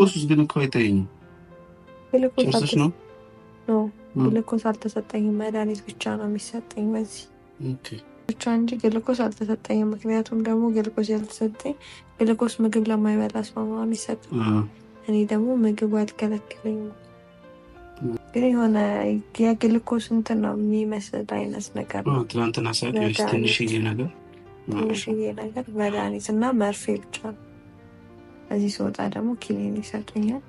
ቁስ ግን እኮ አይታየኝም። ጨርሰሽ ነው? ግልኮስ አልተሰጠኝም። መድኃኒት ብቻ ነው የሚሰጠኝ በዚህ ብቻ እንጂ ግልኮስ አልተሰጠኝም። ምክንያቱም ደግሞ ግልኮስ ያልተሰጠኝ ግልኮስ ምግብ ለማይበላ ሰው ነው የሚሰጠኝ። እኔ ደግሞ ምግቡ አልከለከለኝም። ግን የሆነ የግልኮስ እንትን ነው የሚመስል አይነት ነገር ነው። ትናንትና ትንሽዬ ነገር ትንሽዬ ነገር መድኃኒት እና መርፌ ብቻ ነው እዚህ ስወጣ ደግሞ ኪሊን ይሰጡኛል።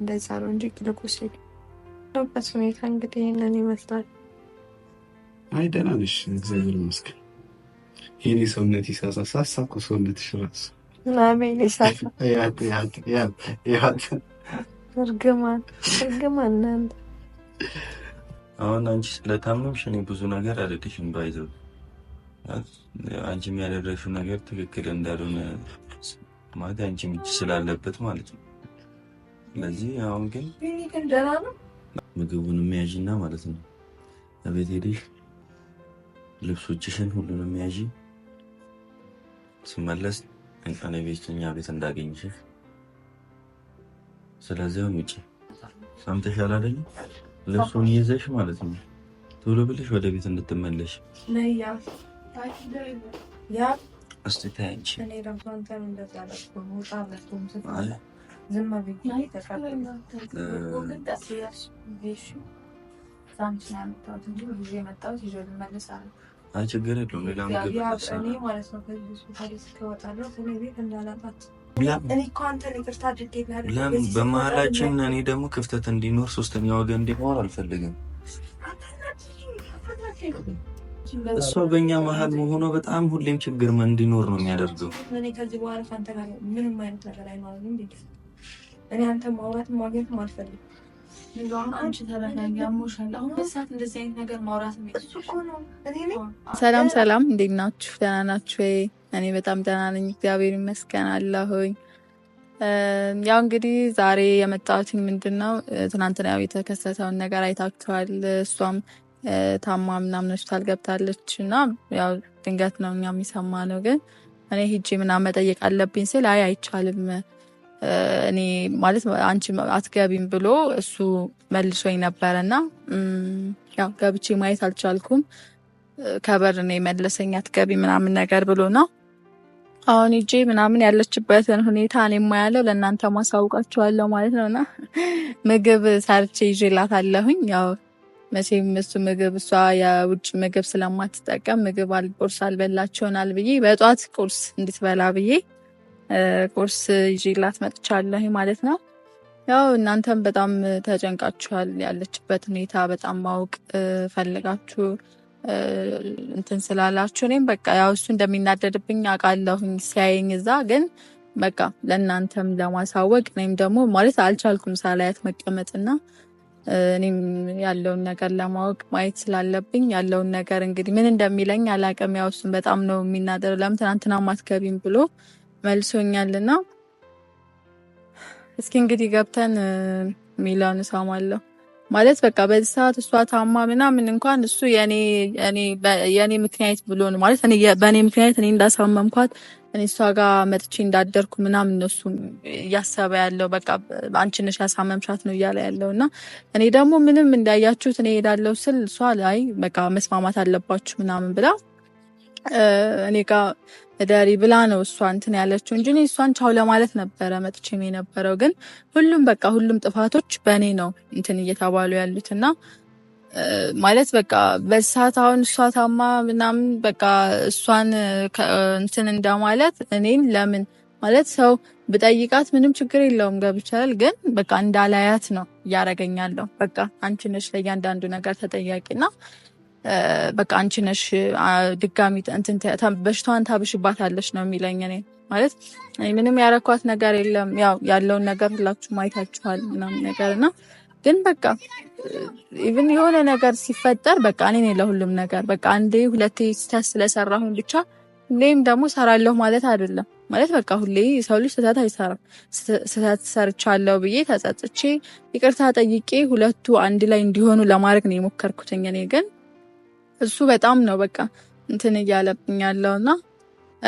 እንደዛ ነው እንጂ ግልኮስ በት ሁኔታ እንግዲህ ይህንን ይመስላል። አይ ደህና ነሽ? እግዚአብሔር ይመስገን። የኔ ሰውነት ይሳሳሳ ሳኮ ሰውነትሽ እራሱ አሜን እርግማን እርግማን ነን። አሁን አንቺ ስለታመምሽ እኔ ብዙ ነገር አልልሽም። ባይዘው አንቺም ያደረግሽው ነገር ትክክል እንዳልሆነ ማለት አንቺም እጅ ስላለበት ማለት ነው። ስለዚህ አሁን ግን ምግቡን የሚያዥና ማለት ነው እቤት ሄደሽ ልብሶችሽን ሁሉንም የሚያዥ ስመለስ እንኳን ቤት ቤት እንዳገኝሽ። ስለዚህ ውጭ ሰምተሻል አይደል? ልብሱን ይዘሽ ማለት ነው ቶሎ ብለሽ ወደ ቤት እንድትመለሽ እስቲ ችግር የለውም። ሌላ ምግብ በመሀላችን እኔ ደግሞ ክፍተት እንዲኖር ሶስተኛ ወገን እንዲኖር አልፈልግም። እሷ በእኛ መሀል መሆኗ በጣም ሁሌም ችግር እንዲኖር ነው የሚያደርገው። እኔ ከዚህ በኋላ ከአንተ ጋር ምንም አይነት ነገር አይኖርም። እኔ አንተ ማውራትም ማግኘትም አልፈልግም። ሰላም ሰላም፣ እንዴት ናችሁ? ደህና ናችሁ? እኔ በጣም ደህና ነኝ፣ እግዚአብሔር ይመስገን አለሁኝ። ያው እንግዲህ ዛሬ የመጣሁት ምንድን ነው ትናንትና ያው የተከሰተውን ነገር አይታችኋል። እሷም ታማ ምናምን ሆስፒታል ገብታለች እና ያው ድንገት ነው እኛ የሚሰማ ነው። ግን እኔ ሂጂ ምናምን መጠየቅ አለብኝ ስል አይ አይቻልም እኔ ማለት አንቺ አትገቢም ብሎ እሱ መልሶኝ ነበረ እና ያው ገብቼ ማየት አልቻልኩም። ከበር ነው የመለሰኝ አትገቢ ምናምን ነገር ብሎ ነው። አሁን እጂ ምናምን ያለችበትን ሁኔታ እኔ ማያለው ለእናንተ ማሳውቃችኋለሁ ማለት ነው እና ምግብ ሰርቼ ይዤላት አለሁኝ ያው መቼም እሱ ምግብ እሷ የውጭ ምግብ ስለማትጠቀም ምግብ ቁርስ አልበላቸውናል ብዬ በጧት ቁርስ እንድትበላ ብዬ ቁርስ ይዤላት መጥቻለሁ ማለት ነው። ያው እናንተም በጣም ተጨንቃችኋል። ያለችበት ሁኔታ በጣም ማወቅ ፈልጋችሁ እንትን ስላላችሁ እኔም በቃ ያው እሱ እንደሚናደድብኝ አውቃለሁኝ ሲያየኝ እዛ ግን በቃ ለእናንተም ለማሳወቅ እኔም ደግሞ ማለት አልቻልኩም ሳላያት መቀመጥና እኔም ያለውን ነገር ለማወቅ ማየት ስላለብኝ ያለውን ነገር እንግዲህ ምን እንደሚለኝ አላቅም። ያው እሱን በጣም ነው የሚናደረው ለምን ትናንትና ማትገቢም ብሎ መልሶኛልና እስኪ እንግዲህ ገብተን ሚላን እሳማለሁ። ማለት በቃ በዚህ ሰዓት እሷ ታማ ምናምን እንኳን እሱ የኔ ምክንያት ብሎ ነው ማለት በእኔ ምክንያት እኔ እንዳሳመምኳት እኔ እሷ ጋር መጥቼ እንዳደርኩ ምናምን እነሱ እያሰበ ያለው። በቃ አንቺ ነሽ ያሳመምሻት ነው እያለ ያለው እና እኔ ደግሞ ምንም እንዳያችሁት እኔ ሄዳለው ስል እሷ ላይ በቃ መስማማት አለባችሁ ምናምን ብላ እኔ ጋር እደሪ ብላ ነው እሷ እንትን ያለችው እንጂ እሷን ቻው ለማለት ነበረ መጥቼም የነበረው። ግን ሁሉም በቃ ሁሉም ጥፋቶች በእኔ ነው እንትን እየተባሉ ያሉትና ማለት በቃ በሳት አሁን እሷ ታማ ምናምን በቃ እሷን እንትን እንደማለት እኔን ለምን ማለት ሰው ብጠይቃት ምንም ችግር የለውም ገብቻል። ግን በቃ እንዳላያት ነው እያረገኛለሁ። በቃ አንቺ ነሽ ለእያንዳንዱ ነገር ተጠያቂና በቃ አንቺ ነሽ ድጋሚ እንትን በሽታዋን ታብሽባታለች ነው የሚለኝ። እኔ ማለት ምንም ያረኳት ነገር የለም። ያው ያለውን ነገር ሁላችሁ ማየታችኋል ምናምን ነገር እና ግን በቃ ኢቭን የሆነ ነገር ሲፈጠር በቃ እኔ ለሁሉም ነገር በቃ አንዴ ሁለቴ ስህተት ስለሰራሁን ብቻ ሁሌም ደግሞ ሰራለሁ ማለት አይደለም። ማለት በቃ ሁሌ ሰው ልጅ ስህተት አይሰራም። ስህተት ሰርቻለሁ ብዬ ተጸጽቼ ይቅርታ ጠይቄ ሁለቱ አንድ ላይ እንዲሆኑ ለማድረግ ነው የሞከርኩትኝ እኔ ግን እሱ በጣም ነው በቃ እንትን እያለብኝ ያለው እና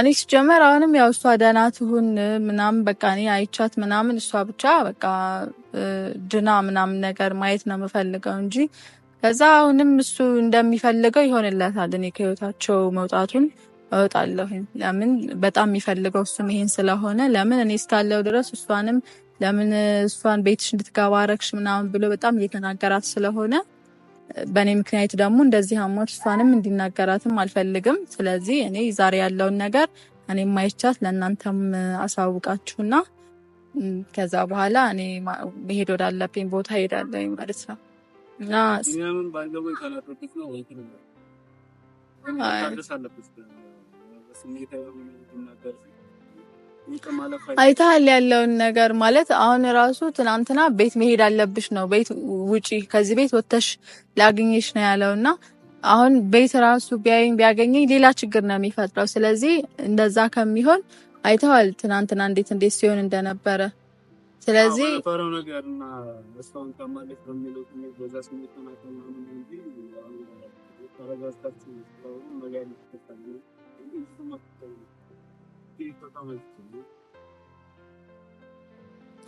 እኔ ሲጀመር አሁንም ያው እሷ ደህና ትሁን ምናምን በቃ እኔ አይቻት ምናምን እሷ ብቻ በቃ ድና ምናምን ነገር ማየት ነው የምፈልገው እንጂ ከዛ አሁንም እሱ እንደሚፈልገው ይሆንለታል። እኔ ከህይወታቸው መውጣቱን እወጣለሁ። ለምን በጣም የሚፈልገው እሱም ይሄን ስለሆነ ለምን እኔ እስካለው ድረስ እሷንም ለምን እሷን ቤትሽ እንድትገባ አረግሽ ምናምን ብሎ በጣም እየተናገራት ስለሆነ በእኔ ምክንያት ደግሞ እንደዚህ አሟት እሷንም እንዲናገራትም አልፈልግም። ስለዚህ እኔ ዛሬ ያለውን ነገር እኔ ማይቻት ለእናንተም አሳውቃችሁና ከዛ በኋላ እኔ መሄድ ወዳለብኝ ቦታ ሄዳለኝ ማለት ነው እና አይተሃል ያለውን ነገር ማለት አሁን ራሱ ትናንትና ቤት መሄድ አለብሽ ነው ቤት ውጪ ከዚህ ቤት ወተሽ ላግኝሽ ነው ያለው እና አሁን ቤት ራሱ ቢያይኝ ቢያገኘኝ ሌላ ችግር ነው የሚፈጥረው። ስለዚህ እንደዛ ከሚሆን አይተዋል ትናንትና እንዴት እንዴት ሲሆን እንደነበረ። ስለዚህ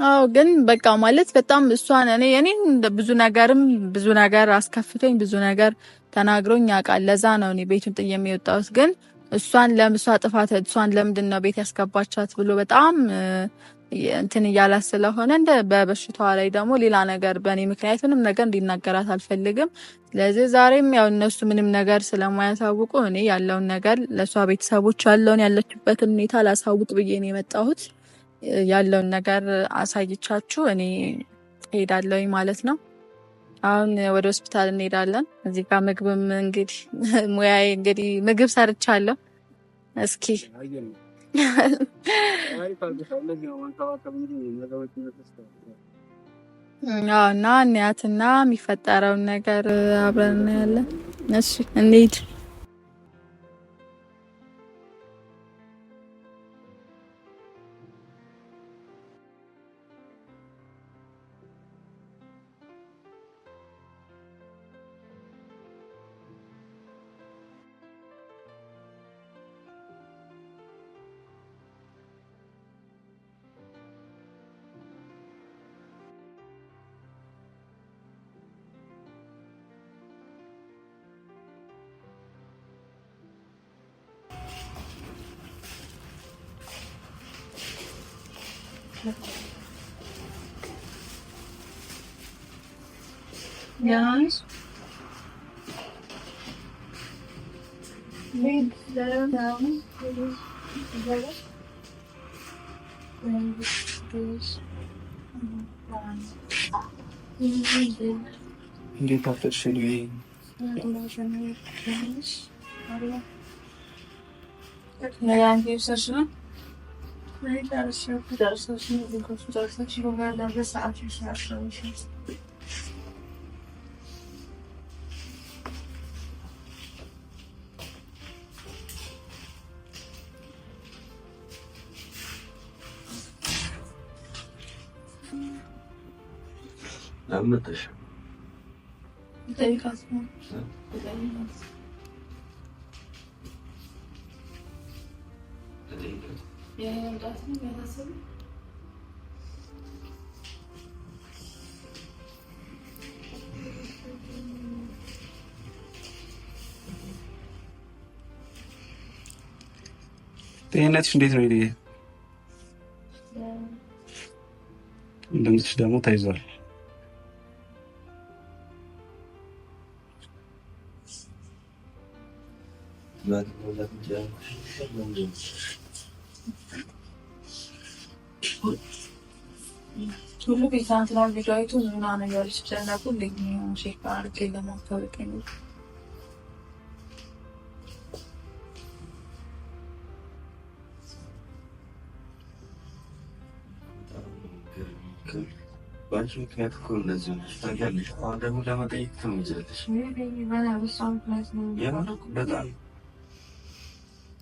አዎ ግን በቃ ማለት በጣም እሷን እኔ የኔን ብዙ ነገርም ብዙ ነገር አስከፍቶኝ ብዙ ነገር ተናግሮኝ ያውቃል። ለዛ ነው እኔ ቤቱን ጥዬ የሚወጣሁት። ግን እሷን ለምሷ ጥፋት እሷን ለምንድን ነው ቤት ያስገባቻት ብሎ በጣም እንትን እያላት ስለሆነ እንደ በበሽታዋ ላይ ደግሞ ሌላ ነገር በእኔ ምክንያት ምንም ነገር እንዲናገራት አልፈልግም። ስለዚህ ዛሬም ያው እነሱ ምንም ነገር ስለማያሳውቁ እኔ ያለውን ነገር ለእሷ ቤተሰቦች ያለውን ያለችበትን ሁኔታ ላሳውቅ ብዬ ነው የመጣሁት። ያለውን ነገር አሳይቻችሁ እኔ ሄዳለሁኝ ማለት ነው። አሁን ወደ ሆስፒታል እንሄዳለን። እዚህ ጋር ምግብም እንግዲህ ሙያዬ እንግዲህ ምግብ ሰርቻለሁ። እስኪ እና የሚፈጠረውን ነገር አብረን እናያለን። እሺ እንሂድ። Yavaş. Bir güzel. Tamam. Güzel. Get after Shelby. Neden diyor saçını? Beyler arkadaşlar şimdi bu konuşacaksak şimdi beylerle saat yaşlanmışız. ጤንነትሽ እንዴት ነው? ይሄ ድምፅሽ ደግሞ ተይዟል። నువ్వు ఇట్లాంటి నాకు రైతు నువ్వు నాన్నగారు చెప్తాను నాకు నీకు మేము చెప్పి ఆడికి వెళ్ళాము అక్కడికి Ben bir kıyafet kurulacak. Gelmiş. Orada bulamada yıktım güzeldir. Ne bileyim ben abi son klasını. Yaman okul. Neden?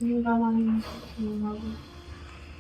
Yaman okul.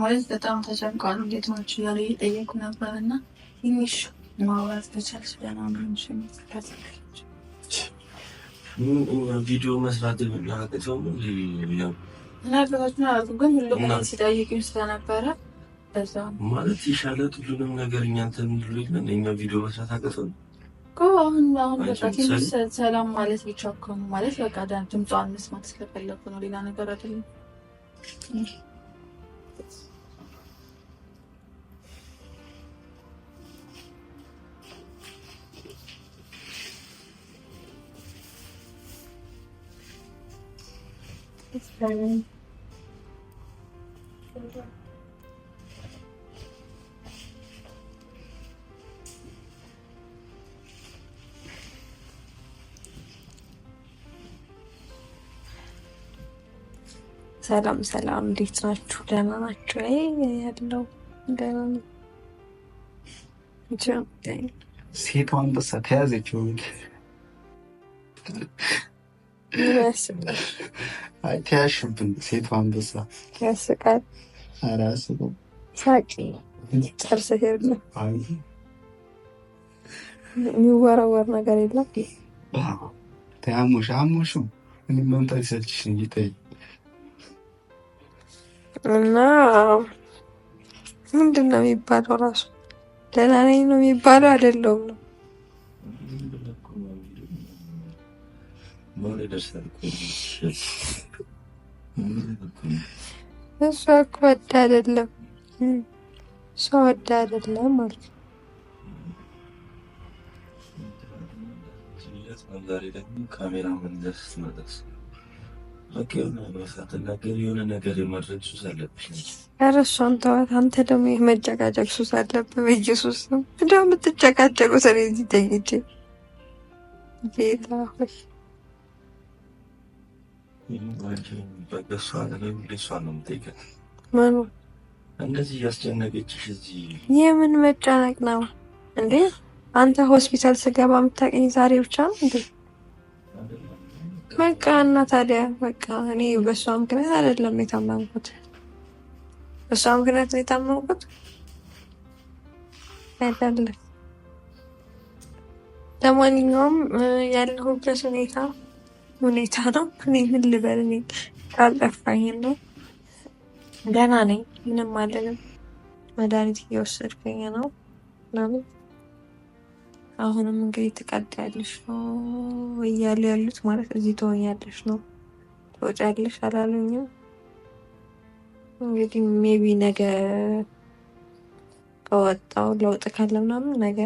ማለት በጣም ተጨንቋል። እንዴት ሆነች እያሉ እየጠየቁ ነበር እና ትንሽ ማውራት ከቻልሽ ደህና ነው ቪዲዮ መስራት ስለነበረ ማለት ይሻለት ሁሉንም ነገር እኛ እንትን እኛ ቪዲዮ መስራት አቅተው አሁን አሁን በቃ ሰላም ማለት ቢቻኮኑ ማለት በቃ ድምጿን መስማት ስለፈለኩ ነው። ሌላ ነገር አይደለም። It's ሰላም ሰላም፣ እንዴት ናችሁ? ደህና ናችሁ? ያለው ደህና ነው። ሴቷ አንበሳ ተያዘች። ተያሽብን። ሴቷ አንበሳ ያስቃል። ራሱ ሳቂ ጨርሰ ሄድ ነው የሚወረወር ነገር የለም። አሞሽ አሞሹ እኔ መምጣት ይሰልችሽ እንጂ ተይ እና ምንድን ነው የሚባለው? ራሱ ደህና ነኝ ነው የሚባለው? አይደለውም ነው እሷ እኮ ወደ አይደለም እሷ ወደ አይደለም ማለት ነው። የሆነ ነገር የማድረግ ሱስ አለብሽ። ኧረ እሷን ተዋት። አንተ ደግሞ የመጨቃጨቅ ሱስ አለብህ። በኢየሱስ ነው እንደ እዚህ ተኝቼ ጌታ ሆይ ማኑ እንደዚህ እያስጨነቀችሽ እዚህ የምን መጨነቅ ነው እንዴ? አንተ ሆስፒታል ስገባ የምታቀኝ ዛሬ ብቻ ነው እንዴ? በቃ እና ታዲያ በቃ እኔ በእሷ ምክንያት አይደለም የታመምኩት፣ በእሷ ምክንያት ነው የታመምኩት አይደለም። ለማንኛውም ያለሁበት ሁኔታ ሁኔታ ነው። እኔ ምን ልበል? እኔ ካልጠፋኝ ነው። ገና ነኝ፣ ምንም አልልም። መድኃኒት እየወሰድኩኝ ነው ለምን አሁንም እንግዲህ ትቀዳያለሽ ነው እያሉ ያሉት ማለት እዚህ ትሆኛለሽ ነው ትወጫለሽ አላሉኝም። እንግዲህ ሜቢ ነገ ከወጣው ለውጥ ካለ ምናምን ነገ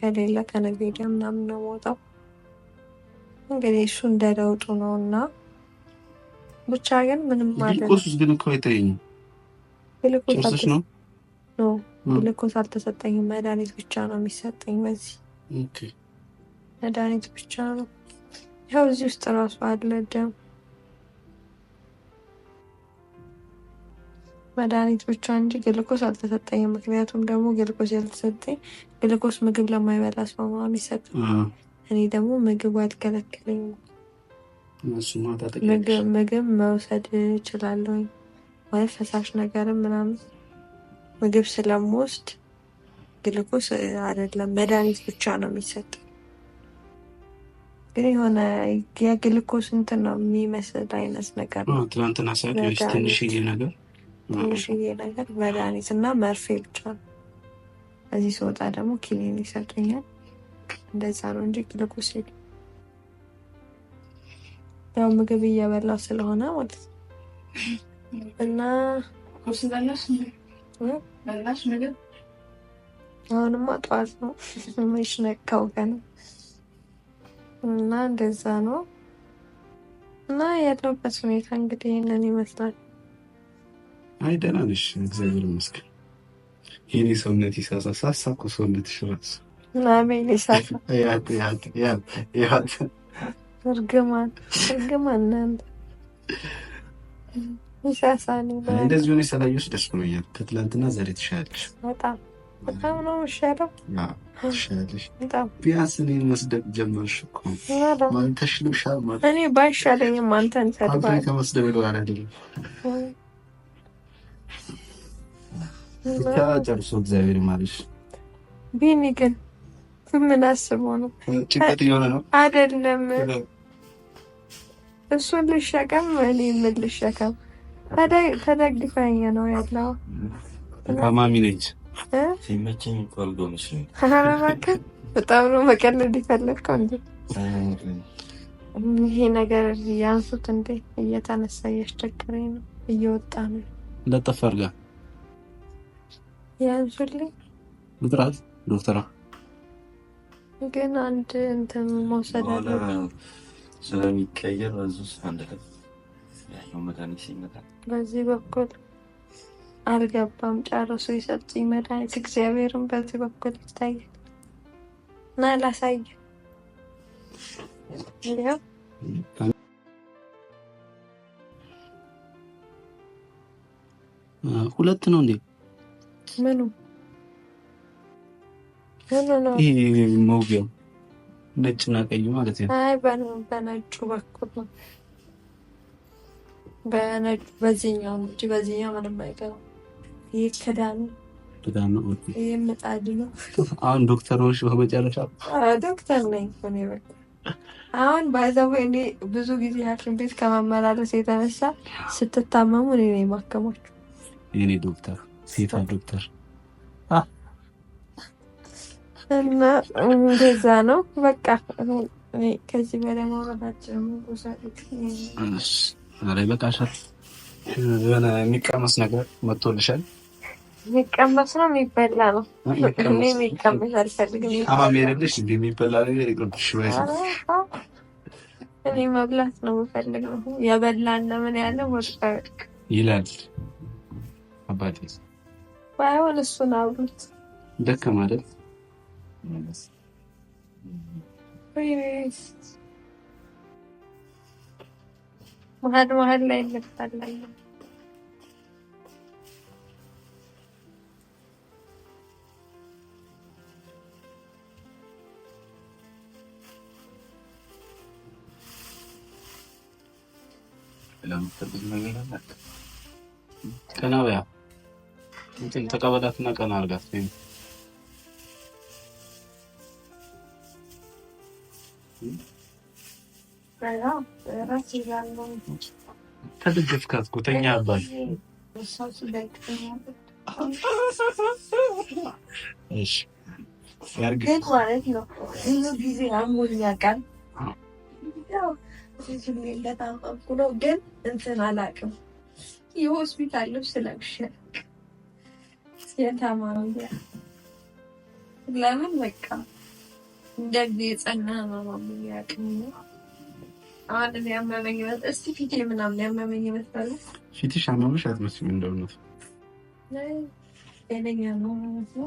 ከሌላ ከነገ ወዲያ ምናምን ነው የምወጣው። እንግዲህ እሱ እንደ ለውጡ ነው እና ብቻ ግን ምንም ግሉኮስ ግን እኮ አይታየኝም። ግሉኮስ አልተሰጠኝም። መድኃኒት ብቻ ነው የሚሰጠኝ በዚህ መድኃኒት ብቻ ነው። ያው እዚህ ውስጥ ራሱ አለ ደም። መድኃኒት ብቻ እንጂ ግልኮስ አልተሰጠኝም። ምክንያቱም ደግሞ ግልኮስ ያልተሰጠኝ ግልኮስ ምግብ ለማይበላ ሰው ነው የሚሰጥ። እኔ ደግሞ ምግብ አልከለከለኝም። ምግብ መውሰድ እችላለሁ ወይ ፈሳሽ ነገርም ምናምን ምግብ ስለምወስድ ግልኮስ አይደለም መድኃኒት ብቻ ነው የሚሰጥ። ግን የሆነ የግልኮስ እንትን ነው የሚመስል አይነት ነገር ነው። ትናንትና ትንሽዬ ነገር ትንሽዬ ነገር መድኃኒት እና መርፌ ብቻ ነው። እዚህ ስወጣ ደግሞ ኪኒን ይሰጡኛል። እንደዛ ነው እንጂ ግልኮስ የለም። ያው ምግብ እየበላው ስለሆነ ማለት ነው እና አሁንማ ጠዋት ነው መች ነካው ቀን እና እንደዛ ነው እና ያለበት ሁኔታ እንግዲህ ይህንን ይመስላል። አይ ደህና ነሽ? እግዚአብሔር ይመስገን። የኔ ሰውነት ይሳሳ ሳሳ እኮ ሰውነትሽ እራሱ ናሜን ይሳሳ። እርግማን እርግማን እናንተ ይሳሳ። እንደዚህ ሆነ ሰላዮች ደስ ብሎኛል። ከትላንትና ዛሬ ትሻለሽ በጣም በጣም ነው የሚሻለው። ትሻለሽ። ቢያንስ እኔን መስደብ ጀመርሽ እኮ ማለት እኔ ባይሻለኝም አንተን ሰድባለሁ። ከመስደብ አይደለም። ጨርሶ እግዚአብሔር ይማርሽ። ቢኒ ግን ምን አስቦ ነው? ጭንቀት እየሆነ ነው አይደለም? እሱን ልሸከም እኔ ምን ልሸከም? ተደግፈኝ ነው ያለው። ታማሚ ነች ሲመቸኝ እኮ አልጎ መስሎኝ። በጣም ነው መቀለድ የፈለግከው እንዴ? ይሄ ነገር ያንሱት እንዴ? እየተነሳ እያስቸገረኝ ነው። እየወጣ ነው። እንደጠፈርጋ አድርጋ ያንሱልኝ። ልጥራት ዶክተራ ግን አንድ እንትን መውሰድ አለ ስለሚቀየር በዙ ስ አንድ በዚህ በኩል አልገባም ጨርሶ የሰጡኝ መድኃኒት እግዚአብሔርን በዚህ በኩል ይታያል እና ላሳየ ሁለት ነው እንዴ? ምኑ ምኑ ነው? ይህ መውጊያው ነጭና ቀይ ማለት ነው። አይ በነጩ በኩል ነው። በነጩ በዚህኛው እንጂ በዚህኛው ምንም አይገባም። ይሄ ክዳኑ ክዳኑ ይሄ ምጣዱ ነው። አሁን ዶክተሮች በመጨረሻ ዶክተር ነኝ እኔ በቃ አሁን ባይዘው እኔ ብዙ ጊዜ ሐኪም ቤት ከማመላለስ የተነሳ ስትታመሙ እኔ ነው የማከማችሁ። የኔ ዶክተር ሴታ ዶክተር እና እንደዛ ነው በቃ ከዚህ በላይ ማውራታችን ኧረ ይበቃሻል። የሆነ የሚቀመስ ነገር መጥቶልሻል። የሚቀመስ ነው የሚበላ ነው? የሚቀመስ አልፈልግም። ሜልሽ እንዲ የሚበላ ነገር ይቅርብሽ። እኔ መብላት ነው የምፈልገው። የበላን ለምን ያለ ወጣ ይላል አባቴ። ባይሆን እሱን አብሩት ደከ ማለት መሀል መሀል ላይ እንፈላለን ለምትፈልግ ነገር አላት። ቀና በያ እንትን ተቀበላትና ቀና አርጋት። ተደገፍካት እኮ ተኛ አባል ማለት ነው። ብዙ ጊዜ አሞኛል እንደታመምኩ ነው፣ ግን እንትን አላውቅም። የሆስፒታል ልብስ ለብሼ ለምን በቃ እንደዚህ የጸና አሁን ያመመኝ ይመስላል። እስቲ ፊቴ ምናምን ያመመኝ ይመስላል። ፊትሽ አመመሽ ጤነኛ ነው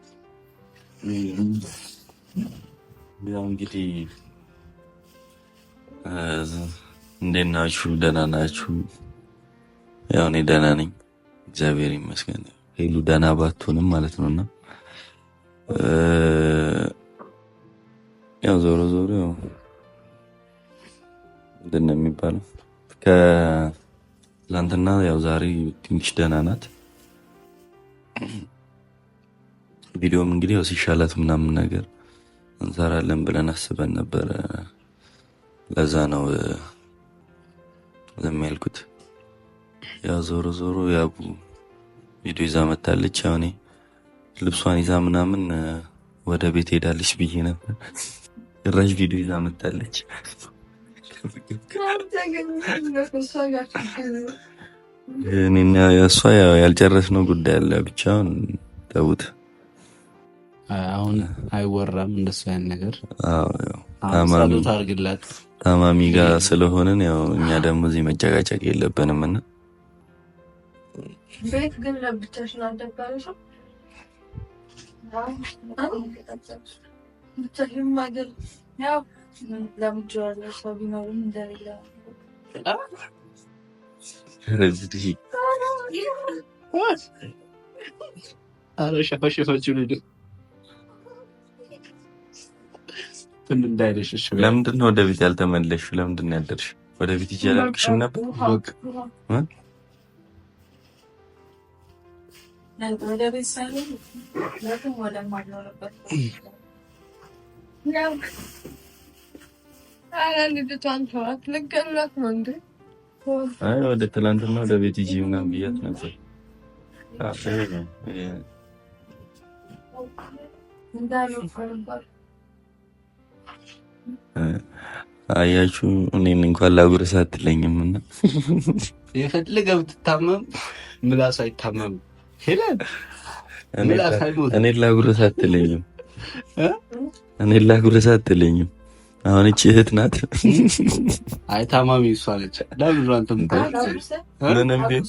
ያው እንግዲህ እንዴት ናችሁ? ደህና ናችሁ? ያው እኔ ደህና ነኝ፣ እግዚአብሔር ይመስገን። ሄሉ ደህና ባትሆንም ማለት ነው እና ያው ዞሮ ዞሮ ያው ምንድን ነው የሚባለው ከትላንትና ያው ዛሬ ትንሽ ደህና ናት። ቪዲዮም እንግዲህ ያው ሲሻላት ምናምን ነገር እንሰራለን ብለን አስበን ነበረ። ለዛ ነው ዝም ያልኩት። ዞሮ ዞሮ ያቡ ቪዲዮ ይዛ መታለች። ያው እኔ ልብሷን ይዛ ምናምን ወደ ቤት ሄዳለች ብዬ ነበር። ጭራሽ ቪዲዮ ይዛ መታለች። እኔና እሷ ያልጨረስነው ጉዳይ አለ ብቻ ተውት። አሁን አይወራም እንደሱ ያን ነገር ጸሎት አድርግላት። ታማሚ ጋር ስለሆንን ያው እኛ ደግሞ እዚህ መጨቃጨቅ የለብንም እና ቤት ግን ለብቻሽን አልደባለሽም? ብቻሽን ማገል ያው ለምጄዋለሁ። ሰው ቢኖርም እንደሌለ ኧረ ሸፈሸፈችው ነው ለምንድን እንዳይልሽ? ለምንድን ነው ወደ ቤት ያልተመለሽ? ለምንድን ነው ያልደርሽ? ወደ ቤት ይዤ አላልኩሽም ነበር? ወደ ትናንትና ወደ ቤት ይዤ ምናምን ብያት ነበር። እንዳይሆን አያችሁ እኔን እንኳን ላጉረስ አትለኝም እና የፈለገ ብትታመም ምላሱ አይታመምም። እኔን ላጉረስ አትለኝም። እኔን ላጉረስ አትለኝም። አሁን እቺ እህት ናት። አይ ታማሚ እሷ ነች። ለምን አንተ ምንም ቢሆን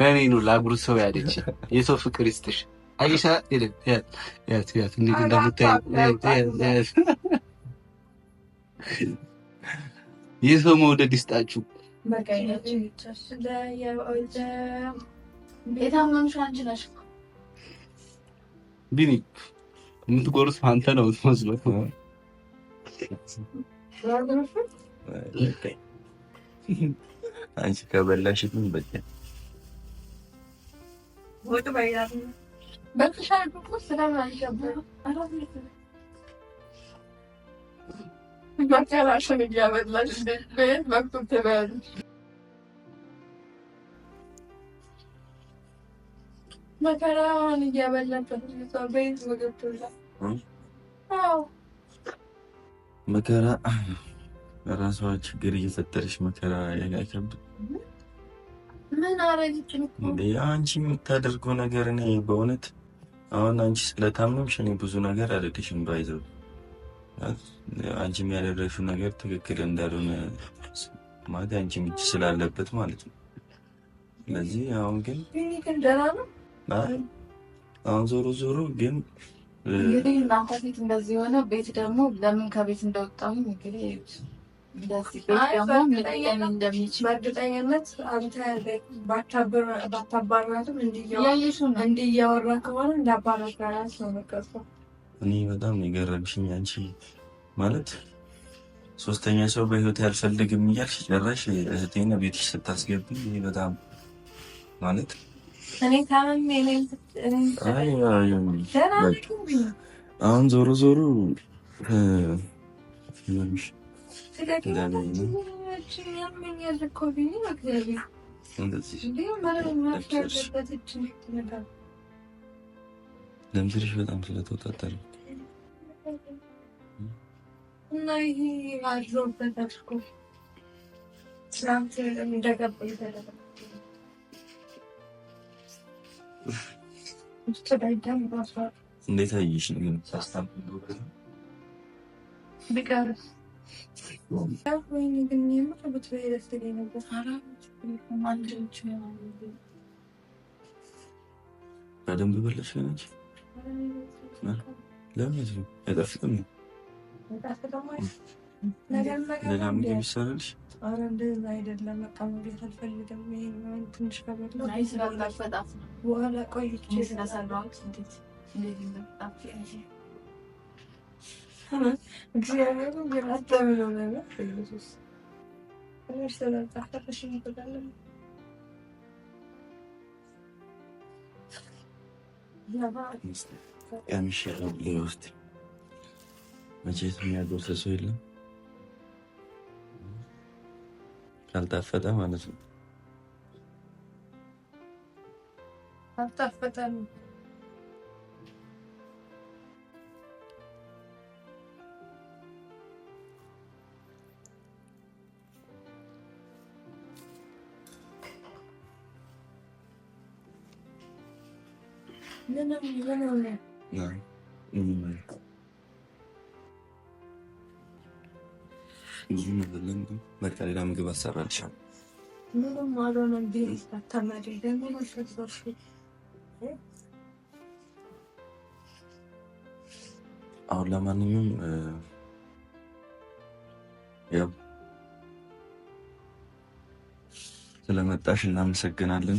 በእኔ ነው ላጉርሰው ያለች። የሰው ፍቅር ይስጥሽ። I guess I did it. Yeah. Yes, yes. You can double tap. Yes, yes, yes. Yesumu udah di statue. Makanya itu sudah ya udah. ቤታምም አንቺ ነሽ። ቢኒ የምትጎርስ አንተ ነው የምትመስለው። አንቺ ከበላሽ ግን በቃ መከራሽን እያበላሽ ቤት ትበያለሽ። ቤት ምግብ ትብላ። መከራ ራሷ ችግር እየፈጠረች መከራ ያጋከብ ምን አረግችን አንቺ የምታደርገው ነገር እኔ በእውነት አሁን አንቺ ስለታመምሽ እኔ ብዙ ነገር አልልሽም። ባይዘው አንቺ የሚያደረግሽው ነገር ትክክል እንዳልሆነ ማለት አንቺ ምች ስላለበት ማለት ነው። ስለዚህ አሁን ግን አሁን ዞሮ ዞሮ ግን እንግዲህ እናንተ ፊት እንደዚህ የሆነ ቤት ደግሞ ለምን ከቤት እንደወጣሁኝ እንግዲህ እንደዚህ ቤት ደግሞ ምጠቀም በእርግጠኝነት አንተ ባታባራትም እንዲህ ከሆነ እንዳባራት ነው እኔ በጣም የገረምሽኝ አንቺ ማለት ሶስተኛ ሰው በህይወት ያልፈልግም እያልሽ ጨረሽ እህቴና ቤትሽ ስታስገቢ በጣም ማለት አሁን ዞሮ ዞሮ ለምድርሽ በጣም ስለተወጣጠረ እና ይሄ አድሮበታል እኮ ትናንት እንደገባ ይተደረ እንዴት አየሽ ነው ግን ሳስታብ ቢቀርስ በደንብ በለሽ ነች። ለምን አይጣፍጥም? ሌላ ምግብ ይሰራልሽ። አይደለም Diğerleri bir hatta milyonlarına veriyoruz. Üniversiteler tahta kaşını kadarlar. يا مش يغلب لي وقتي ما جيتهم يا دوسة سويلا ካልጣፈጠ ማለት ነው። ካልጣፈጠ ነው Nine. Nine. Nine. Bisogna dell'endo, magari la che passare al cielo. Non ho male non di tamari, non ho scelto su. Avlamanımın e, ያው ስለመጣሽ እናመሰግናለን።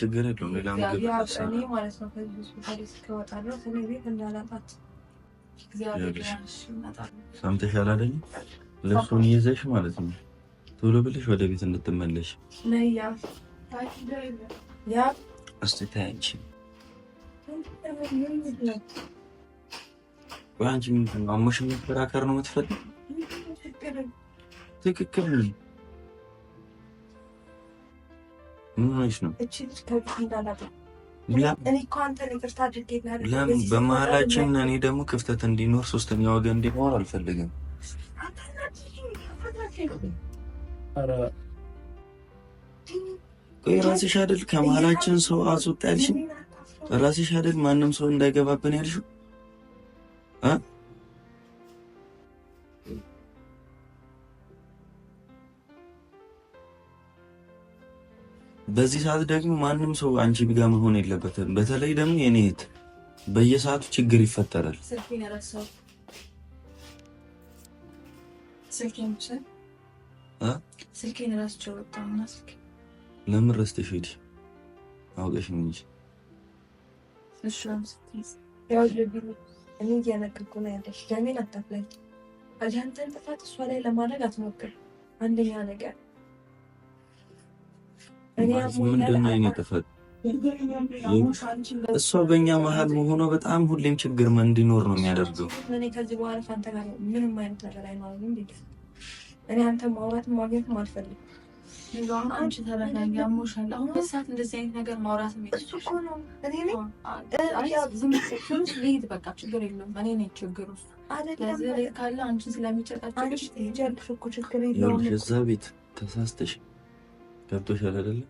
ችግር የለውም። ሌላ ምግብ እኔ ማለት ነው ከዚህ ሆስፒታል እስከወጣ ድረስ እኔ ቤት እንዳላጣት ሰምተሻል አይደል? ልብሱን ይዘሽ ማለት ነው ቶሎ ብለሽ ወደ ቤት እንድትመለሽ እስቲ ታያንቺ አንቺ አሞሽ የሚከራከር ነው የምትፈልግ ትክክል ምን ሆነሽ ነው? ለምን በመሀላችን እኔ ደግሞ ክፍተት እንዲኖር ሶስተኛ ወገን እንዲኖር አልፈልግም። ቆይ ራስሽ አይደል ከመሀላችን ሰው አስወጣ ያልሽኝ? ራስሽ አይደል ማንም ሰው እንዳይገባብን ያልሽው? በዚህ ሰዓት ደግሞ ማንም ሰው አንቺ ጋ መሆን የለበትም። በተለይ ደግሞ የኔ እህት በየሰዓቱ ችግር ይፈጠራል። ለምን ረስተሽ ሄድሽ? አውቀሽ እንጂ እኔ እያነገኩ ነው ያለሽ። ለምን አታፍላይ? አንተን ጥፋት እሷ ላይ ለማድረግ አትሞክር። አንደኛ ነገር ምንድነው እሷ በእኛ መሀል መሆኗ በጣም ሁሌም ችግር እንዲኖር ነው የሚያደርገው። እኔ አንተ ማውራት ማግኘት አልፈልግም። አንቺ ተረጋጊ፣ አሁን በሰዓት እንደዚህ አይነት ነገር ማውራት እሱ እኮ ነው። እኔ ልሂድ፣ በቃ ችግር የለም። እኔ ነኝ ችግሩ። ለዚህ ካለ አንቺን ስለሚጨቃጨቅሽ እዛ ቤት ተሳስተሽ ገብቶሻል አይደለ?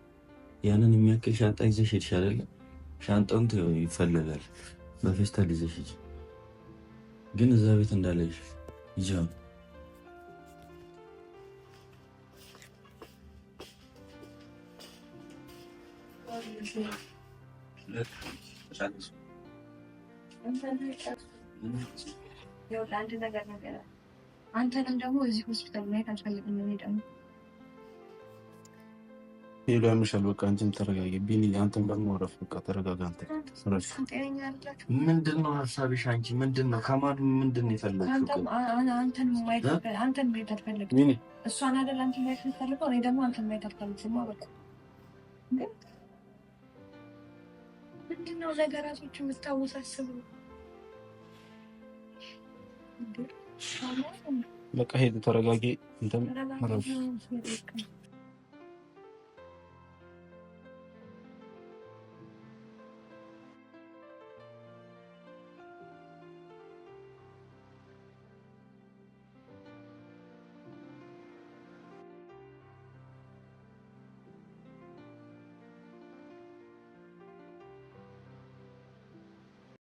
ያንን የሚያክል ሻንጣ ይዘሽ ሄድሽ አይደለ? ሻንጣውን ይፈለጋል። በፌስታል ይዘሽ ሂጂ፣ ግን እዛ ቤት እንዳለሽ ይዤ አንተንም ደግሞ እዚህ ሆስፒታል ማየት አልፈልግም። እኔ ደግሞ ሄሎ ያምሻል። በቃ አንቺም ተረጋጊ። ቢኒ አንተም ደግሞ ረፍ በቃ ተረጋጋ። አንተ ምንድን ነው ሀሳብሽ? አንቺ ምንድን ነው ከማን ምንድን ነው የፈለግሽው? ደግሞ አንተን ነገራቶች የምታወሳስበው? በቃ ሄዱ፣ ተረጋጊ።